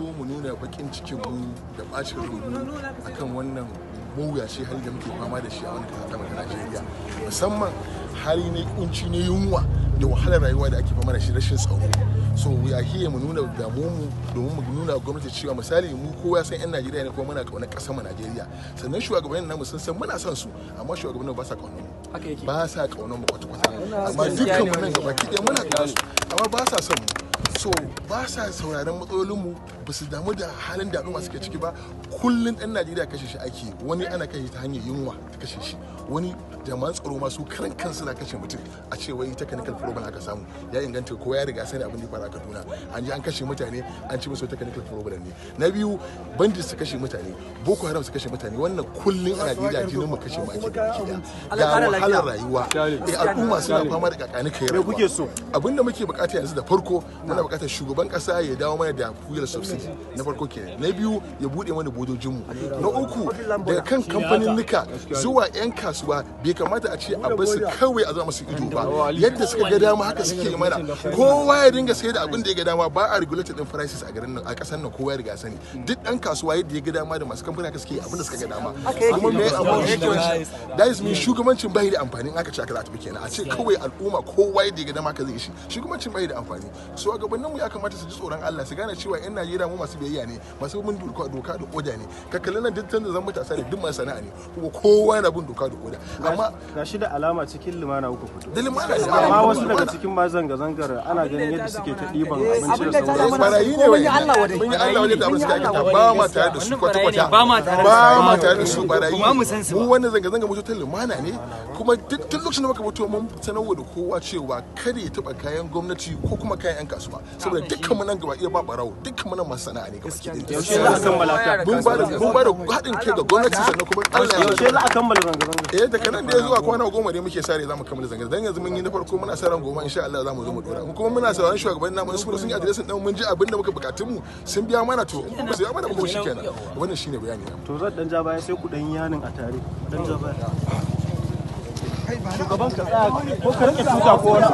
so mu nuna bakin cikin mu da bacin rubu akan wannan mawuyaci hali da muke fama da shi a wani kasa ta Najeriya musamman hali ne kunci ne yunwa da wahalar rayuwa da ake fama da shi rashin tsaro so we are here mu nuna damuwar mu domin mu nuna gwamnati cewa misali mu kowa ya san yan Najeriya ne kuma muna kauna kasar mu Najeriya sannan shugabannin namu sun san muna son su amma shugabannin ba sa kauna mu ba sa kauna mu kwata-kwata amma dukkan mu nan gaba ki muna kauna su amma ba sa son mu so ba sa sauraron matsalolinmu ba su damu da halin da masu suke ciki ba kullum ɗan najeriya kashe shi ake wani ana kashe ta hanyar yunwa ta kashe shi wani jama'an tsaro ma su karan kansu na kashe mutum a ce wai kanikal problem aka samu ya inganta ko ya riga sani abin da ya a kaduna an ji an kashe mutane an ci musu technical problem ne na biyu bandit su kashe mutane boko haram su kashe mutane wannan kullum ana najeriya jinin mu kashe mu ake da wahalar rayuwa eh, al'umma suna fama da kakanin kai rayuwa abinda muke bukata yanzu da farko muna bukatar shugaban kasa ya dawo mana da fuel subsidy na farko ke na biyu ya bude mana mu na uku daga kan kamfanin nika zuwa yan kasuwa bai kamata a ce a su kawai a zama su ido ba yadda suka ga dama haka suke mana kowa ya dinga sayar da abin da ya ga dama ba a regulated din prices a garin nan a kasar nan kowa ya riga sani duk dan kasuwa yadda ya ga dama da masu kamfanin haka suke abin da suka ga dama kuma me amma shugabanci da is shugabancin bai da amfani aka ce aka zata ta bi kenan a ce kawai al'umma kowa ya ga dama ka zai shi shugabancin shugabancin bai da amfani shugabanninmu ya kamata su ji tsoron Allah su gane cewa yan Najeriya mu masu biyayya ne masu bin doka doka da koda ne ka kalli nan dukkan da zan mutasa da duk sana'a ne kuma kowa na bin doka da koda amma gashi da alama cikin limana uku fito da limana amma wasu daga cikin ma zanga zangar ana ganin yadda suke ta diban eh, abinci da sauransu barayi ne wai Allah wadai mun yi Allah wadai da abin suka aikata ba ma tare da su kwata kwata ba ma tare da su barayi mu wannan zanga zanga mu ta limana ne kuma duk lokacin da muka fito mun sanarwa da kowa cewa kada ya taba kayan gwamnati gwamnati ko kuma kayan yan kasuwa saboda dukkan mu nan gaba iya ba barawo dukkan mu nan masu sana'a ne gaba ki yaushe za a kammala ta mun ba da mun ba da haɗin kai ga gwamnati sannan kuma Allah yaushe za a kammala zanga zanga eh daga nan da zuwa kwana goma ne muke sare za mu kammala zanga dan yanzu mun yi na farko muna sa ran goma insha Allah za mu zo mu dora kuma muna sauraron shugaban namu su sun yi adiresin din mun ji abin da muka bukatun mu sun biya mana to ba su biya mana kuma shikenan wannan shine bayani to zan dan ja baya sai ku dan yanin a tare dan ja baya shugaban ka tsaya ko ka rike tuta ko wani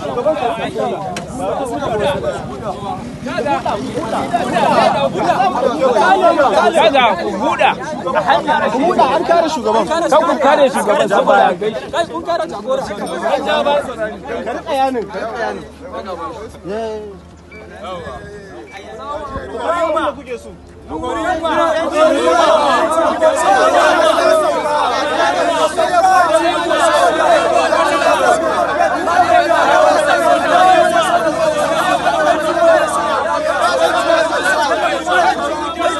shugaban ka tsaya Kada su